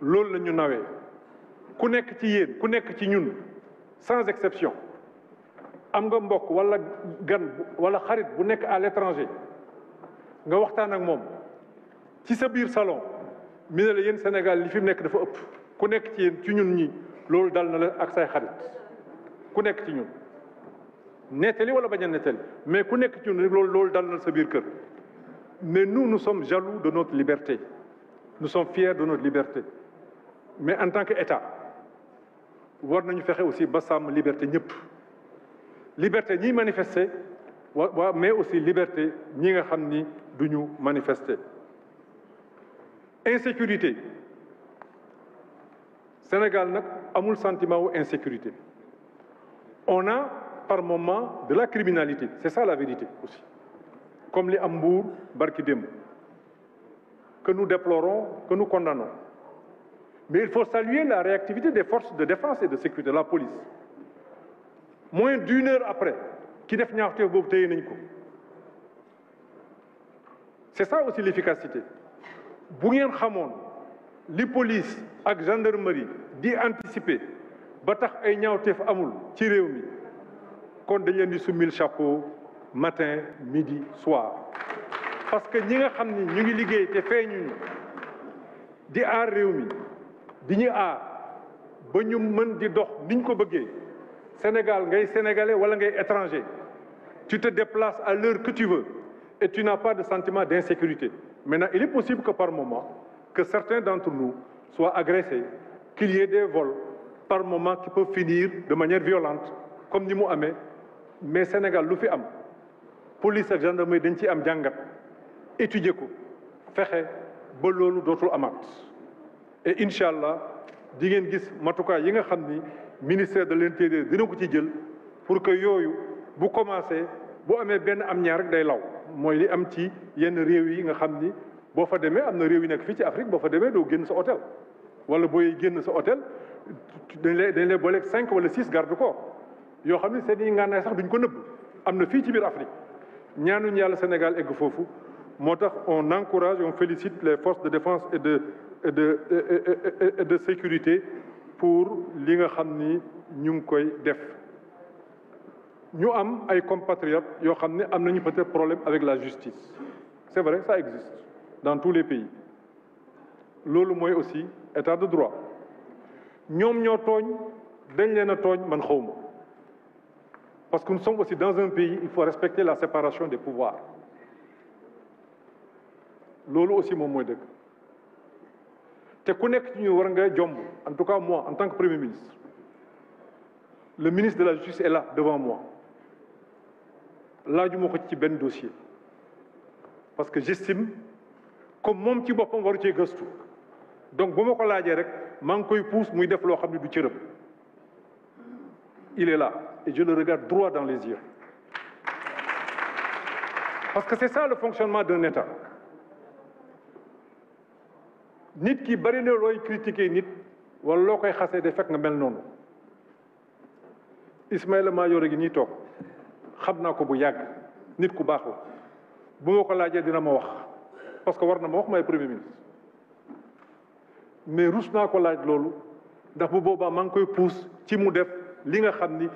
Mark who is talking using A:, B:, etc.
A: loolu la ñu nawee ku nekk ci yéen ku nekk ci ñun sans exception am nga mbokk walla gan walla xarit bu nekk à l'étranger nga waxtaan ak moom ci sa biir salon mi ne la yéen Sénégal li fi nekk dafa ëpp ku nekk ci yéen ci ñun ñi loolu dal na la ak say xarit ku nekk ci ñun nettali walla bañ a nettali mais ku nekk ci ñun loolu loolu dal na sa biir kër mais nu nu sommes jaloux de notre liberté nous sommes fiers de notre liberté mais en tant que état war nañu fexe aussi ba sàmm liberté ñëpp liberté ñiy manifester wa waa mais aussi liberté ñi nga xam ni du ñu manifester insécurité Sénégal nag amul sentiment wu insécurité on a par moment de la criminalité c'est ça la vérité aussi comme li am Mbour barki démb que nous déplorons que Mais il faut saluer la réactivité des forces de défense et de sécurité, la police. Moins d'une heure après, ki def ñaawteef boobu téye nañ ko c'est ça aussi l'efficacité bu ngeen xamoon li police ak gendarmerie di anticiper ba tax ay ñaawteef amul ci réew mi kon dañ leen di summil chapeau matin midi soir parce que ñi nga xam ni ñu ngi liggéey te ñu di aar réew mi di ñu aar ba ñu mën di dox niñ ko bëggee Sénégal ngay sénégalais wala ngay étranger tu te déplace à l'heure que tu pas de sentiment d'insécurité maintenant il est possible que par moment que certains d'entre nous soient agressés qu'il y ait des vols par moment qui peuvent finir de manière violente comme ni mu amee mais Sénégal lu fi am police ak gendarmerie dañ ci am jàngat étudier ko fexe ba loolu dootul amaat et incha allah di ngeen gis matukaay yi nga xam ni ministère de l'intérieur dina ko ci jël pour que yooyu bu commencé bu amee benn am ñaar rek day law mooy li am ci yenn réew yi nga xam ni boo fa demee am na réew yi nekk fii ci Afrique boo fa demee doo génn sa hôtel wala booy génn sa hôtel dañ lay dañ lay booleeg cinq wala six garde corps yoo xam ne seen yi ngànnaay sax duñ ko nëbb am na fii ci biir Afrique ñaanuñ yàlla Sénégal egg foofu moo tax on encourage on félicite les forces de défense de de sécurité pour li nga xam ni ñu ngi koy def ñu am ay compatriotes yoo xam ne am nañu peut-être problème avec la justice c'est vrai ça existe dans tous les pays loolu mooy aussi état de droit ñoom ñoo tooñ dañ leen a tooñ man xawma parce que nous sommes aussi dans un pays il faut respecter la séparation des pouvoirs loolu aussi moom mooy dëgg te ku nekk ci ñu war nga jomb en tout cas moi en tant que premier ministre le ministre de la justice est là devant moi laajuma ko ci benn dossier parce que j'estime comme moom ci boppam waru cee gëstu donc bu ma ko laajee rek maa ngi koy pousse muy def loo xam ne du cërëm il est la et je le regarde droit dans les yeux parce que c'est ça le fonctionnement d'un État nit ki bari na looy critiquer nit wala loo koy xasee de fekk nga mel noonu Ismaïla Madior gi ni toog xam naa ko bu yàgg nit ku baax la bu ma ko laajee dina ma wax parce que war na ma wax may premier ministre mais rus naa ko laaj loolu ndax bu boobaa maa ngi koy puus ci mu def li nga xam ni